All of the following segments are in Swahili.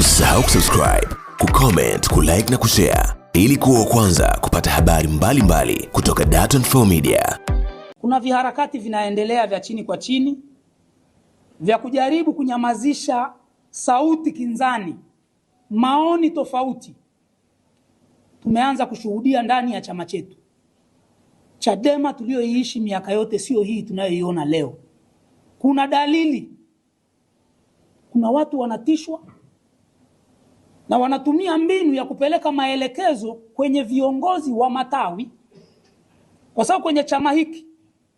Usisahau kusubscribe, kucomment, kulike na kushare ili kuwa kwanza kupata habari mbalimbali mbali kutoka Dar24 Media. Kuna viharakati vinaendelea vya chini kwa chini vya kujaribu kunyamazisha sauti kinzani, maoni tofauti. Tumeanza kushuhudia ndani ya chama chetu Chadema tuliyoiishi miaka yote, sio hii tunayoiona leo. Kuna dalili, kuna watu wanatishwa na wanatumia mbinu ya kupeleka maelekezo kwenye viongozi wa matawi, kwa sababu kwenye chama hiki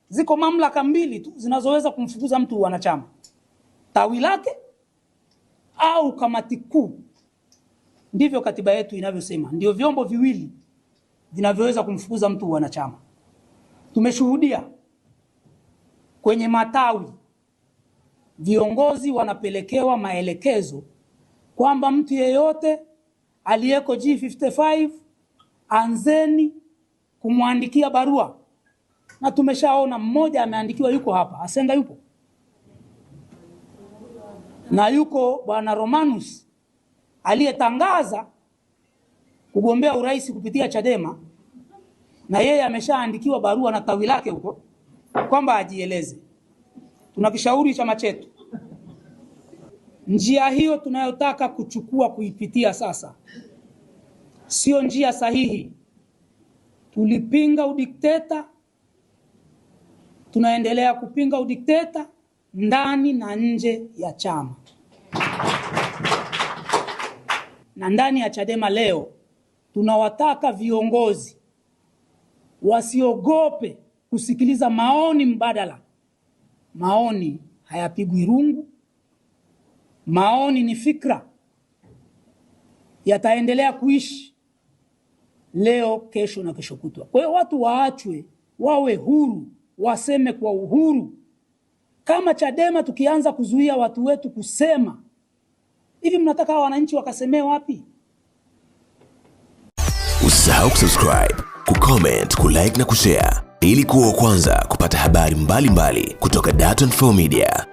ziko mamlaka mbili tu zinazoweza kumfukuza mtu wanachama: tawi lake au kamati kuu. Ndivyo katiba yetu inavyosema, ndio vyombo viwili vinavyoweza kumfukuza mtu wanachama. Tumeshuhudia kwenye matawi viongozi wanapelekewa maelekezo kwamba mtu yeyote aliyeko G55 anzeni kumwandikia barua, na tumeshaona mmoja ameandikiwa, yuko hapa asenda yupo na yuko bwana Romanus aliyetangaza kugombea urais kupitia Chadema, na yeye ameshaandikiwa barua na tawi lake huko kwamba ajieleze. Tunakishauri chama chetu Njia hiyo tunayotaka kuchukua kuipitia sasa sio njia sahihi. Tulipinga udikteta, tunaendelea kupinga udikteta ndani na nje ya chama na ndani ya Chadema. Leo tunawataka viongozi wasiogope kusikiliza maoni mbadala. Maoni hayapigwi rungu, Maoni ni fikra, yataendelea kuishi leo, kesho na kesho kutwa. Kwa hiyo watu waachwe wawe huru, waseme kwa uhuru. Kama Chadema tukianza kuzuia watu wetu kusema hivi, mnataka wananchi wakasemee wapi? Usisahau kusubscribe, kucomment, kulike na kushare ili kuwa wa kwanza kupata habari mbalimbali mbali kutoka Dar24 Media.